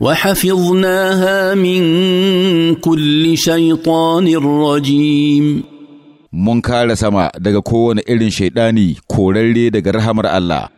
وحفظناها من كل شيطان رجيم mun kare sama daga kowane irin shaidani korarre daga rahamar Allah